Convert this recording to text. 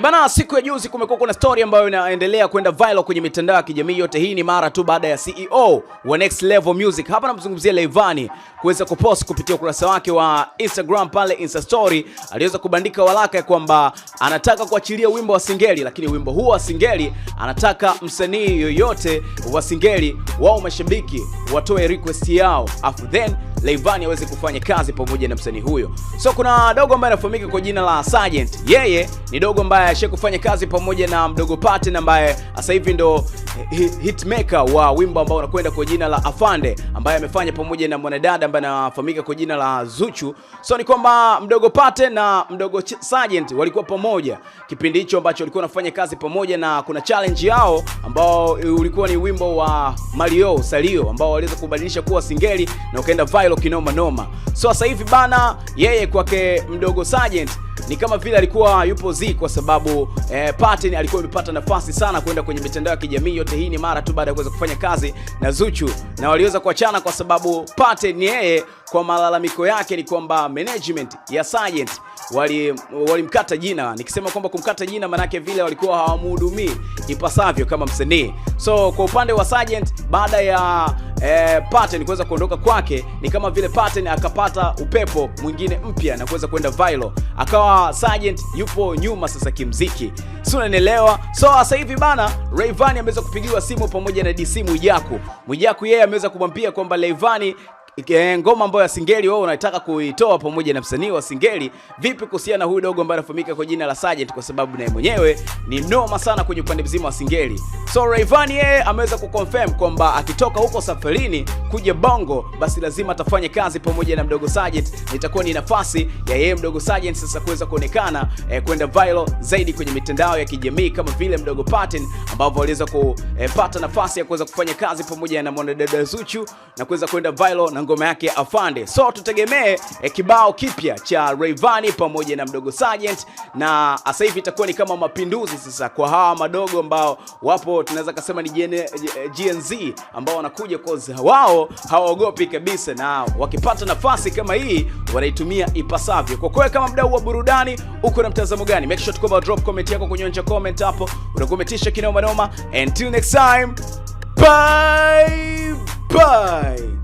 E bana, siku ya juzi kumekuwa kuna story ambayo inaendelea kwenda viral kwenye mitandao ya kijamii yote. Hii ni mara tu baada ya CEO wa Next Level Music, hapa namzungumzia Rayvanny, kuweza kupost kupitia ukurasa wake wa Instagram pale Insta story, aliweza kubandika waraka ya kwamba anataka kuachilia wimbo wa Singeli, lakini wimbo huo wa Singeli anataka msanii yoyote wa Singeli wao mashabiki watoe request yao afu then Rayvanny aweze kufanya kazi pamoja na msanii huyo. So kuna dogo ambaye anafahamika kwa jina la Sergeant. Yeye ni dogo ambaye ashakufanya kazi pamoja na mdogo Paten ambaye sasa hivi ndo hitmaker wa wimbo ambao unakwenda kwa jina la Afande ambaye amefanya pamoja na mwanadada ambaye anafahamika kwa jina la Zuchu. So ni kwamba mdogo Pate na mdogo Sergeant walikuwa pamoja kipindi hicho ambacho walikuwa wanafanya kazi pamoja, na kuna challenge yao ambao ulikuwa ni wimbo wa Mario Salio ambao waliweza kubadilisha kuwa singeli na ukaenda viral Cancelo kinoma noma. So sasa hivi bana, yeye kwake mdogo Sergeant ni kama vile alikuwa yupo z kwa sababu eh, Pateni alikuwa amepata nafasi sana kwenda kwenye mitandao ya kijamii. Yote hii ni mara tu baada ya kuweza kufanya kazi na Zuchu, na waliweza kuachana kwa sababu Pateni yeye kwa malalamiko yake ni kwamba management ya Sergeant walimkata wali jina. Nikisema kwamba kumkata jina, manake vile walikuwa hawamhudumii ipasavyo kama msanii. So kwa upande wa sergeant baada ya eh, Pattern kuweza kuondoka kwake, ni kama vile Pattern akapata upepo mwingine mpya na kuweza kwenda viral, akawa sergeant yupo nyuma sasa kimziki, si unanielewa? So sasa hivi bana, rayvani ameweza kupigiwa simu pamoja na DC Mwijaku. Mwijaku yeye ameweza kumwambia kwamba rayvani ngoma ambayo ya Singeli wewe unataka kuitoa pamoja na msanii wa Singeli, vipi kuhusiana na huyu dogo ambaye anafahamika kwa jina la Sajent, kwa sababu naye mwenyewe ni noma sana kwenye upande mzima wa Singeli. So Rayvanny yeye ameweza kuconfirm kwamba akitoka huko safarini kuja Bongo, basi lazima atafanya kazi pamoja na Mdogo Sergeant. Itakuwa ni nafasi ya yeye Mdogo Sergeant sasa kuweza kuonekana eh, kwenda viral zaidi kwenye mitandao ya kijamii kama vile Mdogo Patin ambao aliweza kupata eh, nafasi ya kuweza kufanya kazi pamoja na mwanadada Zuchu na kuweza kwenda viral na ngoma yake Afande. So tutegemee eh, kibao kipya cha Rayvanny pamoja na Mdogo Sergeant, na sasa hivi itakuwa ni kama mapinduzi sasa kwa hawa madogo ambao wapo ambao tunaweza kasema ni gnz ambao wanakuja cause wao hawaogopi kabisa, na wakipata nafasi kama hii wanaitumia ipasavyo. Kwa kweli, kama mdau wa burudani, uko na mtazamo gani? Make sure tukoba drop comment yako kunyonja comment hapo, unakometisha kinao noma. Until next time, bye bye.